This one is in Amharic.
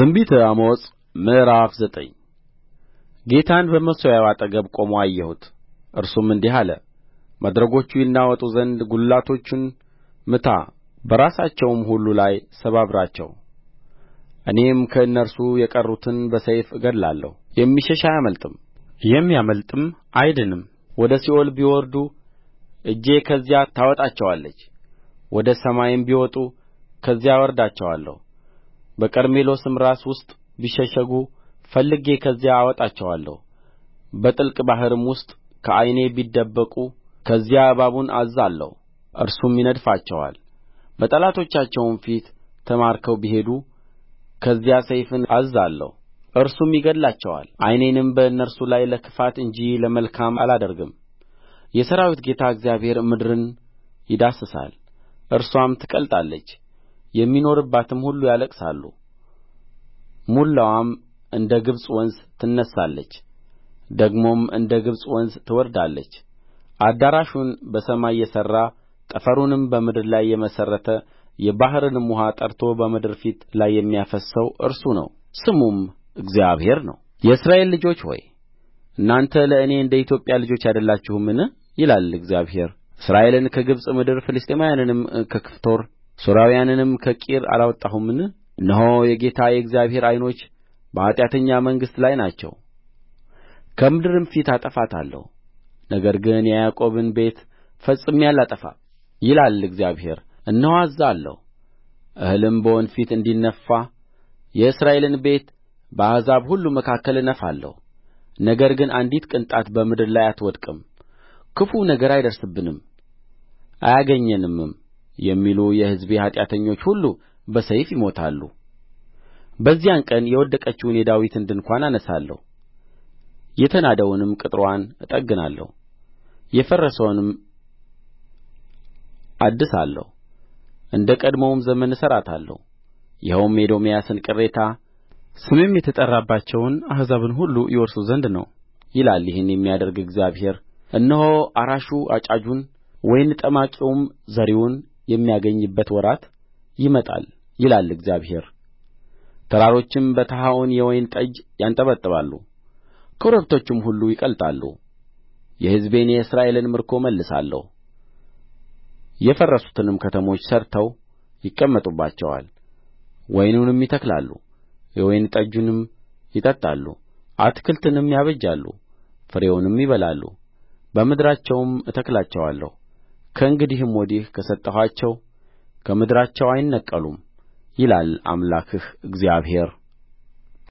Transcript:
ትንቢተ አሞጽ ምዕራፍ ዘጠኝ ጌታን በመሠዊያው አጠገብ ቆሞ አየሁት እርሱም እንዲህ አለ መድረኮቹ ይናወጡ ዘንድ ጕልላቶቹን ምታ በራሳቸውም ሁሉ ላይ ሰባብራቸው እኔም ከእነርሱ የቀሩትን በሰይፍ እገድላለሁ የሚሸሽ አያመልጥም የሚያመልጥም አይድንም ወደ ሲኦል ቢወርዱ እጄ ከዚያ ታወጣቸዋለች ወደ ሰማይም ቢወጡ ከዚያ አወርዳቸዋለሁ በቀርሜሎስም ራስ ውስጥ ቢሸሸጉ ፈልጌ ከዚያ አወጣቸዋለሁ በጥልቅ ባሕርም ውስጥ ከዓይኔ ቢደበቁ ከዚያ እባቡን አዝዛለሁ እርሱም ይነድፋቸዋል በጠላቶቻቸውም ፊት ተማርከው ቢሄዱ ከዚያ ሰይፍን አዝዛለሁ እርሱም ይገድላቸዋል ዓይኔንም በእነርሱ ላይ ለክፋት እንጂ ለመልካም አላደርግም የሠራዊት ጌታ እግዚአብሔር ምድርን ይዳስሳል እርስዋም ትቀልጣለች የሚኖሩባትም ሁሉ ያለቅሳሉ ሙላዋም እንደ ግብጽ ወንዝ ትነሣለች ደግሞም እንደ ግብጽ ወንዝ ትወርዳለች አዳራሹን በሰማይ የሠራ ጠፈሩንም በምድር ላይ የመሠረተ የባሕርንም ውኃ ጠርቶ በምድር ፊት ላይ የሚያፈስሰው እርሱ ነው ስሙም እግዚአብሔር ነው የእስራኤል ልጆች ሆይ እናንተ ለእኔ እንደ ኢትዮጵያ ልጆች አይደላችሁምን ይላል እግዚአብሔር እስራኤልን ከግብጽ ምድር ፍልስጥኤማውያንንም ከከፍቶር ሶርያውያንንም ከቂር አላወጣሁምን እነሆ የጌታ የእግዚአብሔር ዓይኖች በኃጢአተኛ መንግሥት ላይ ናቸው ከምድርም ፊት አጠፋታለሁ ነገር ግን የያዕቆብን ቤት ፈጽሜ አላጠፋም ይላል እግዚአብሔር እነሆ አዝዛለሁ እህልም በወንፊት እንዲነፋ የእስራኤልን ቤት በአሕዛብ ሁሉ መካከል እነፋለሁ ነገር ግን አንዲት ቅንጣት በምድር ላይ አትወድቅም ክፉው ነገር አይደርስብንም አያገኘንምም የሚሉ የሕዝቤ ኃጢአተኞች ሁሉ በሰይፍ ይሞታሉ በዚያን ቀን የወደቀችውን የዳዊትን ድንኳን አነሣለሁ የተናደውንም ቅጥርዋን እጠግናለሁ የፈረሰውንም አድሳለሁ እንደ ቀድሞውም ዘመን እሠራታለሁ ይኸውም የኤዶምያስን ቅሬታ ስሜም የተጠራባቸውን አሕዛብን ሁሉ ይወርሱ ዘንድ ነው ይላል ይህን የሚያደርግ እግዚአብሔር እነሆ አራሹ አጫጁን ወይን ጠማቂውም ዘሪውን የሚያገኝበት ወራት ይመጣል ይላል እግዚአብሔር ተራሮችም በተሀውን የወይን ጠጅ ያንጠባጥባሉ ኮረብቶችም ሁሉ ይቀልጣሉ የሕዝቤን የእስራኤልን ምርኮ እመልሳለሁ የፈረሱትንም ከተሞች ሠርተው ይቀመጡባቸዋል ወይኑንም ይተክላሉ የወይን ጠጁንም ይጠጣሉ አትክልትንም ያበጃሉ ፍሬውንም ይበላሉ በምድራቸውም እተክላቸዋለሁ ከእንግዲህም ወዲህ ከሰጠኋቸው ከምድራቸው አይነቀሉም ይላል አምላክህ እግዚአብሔር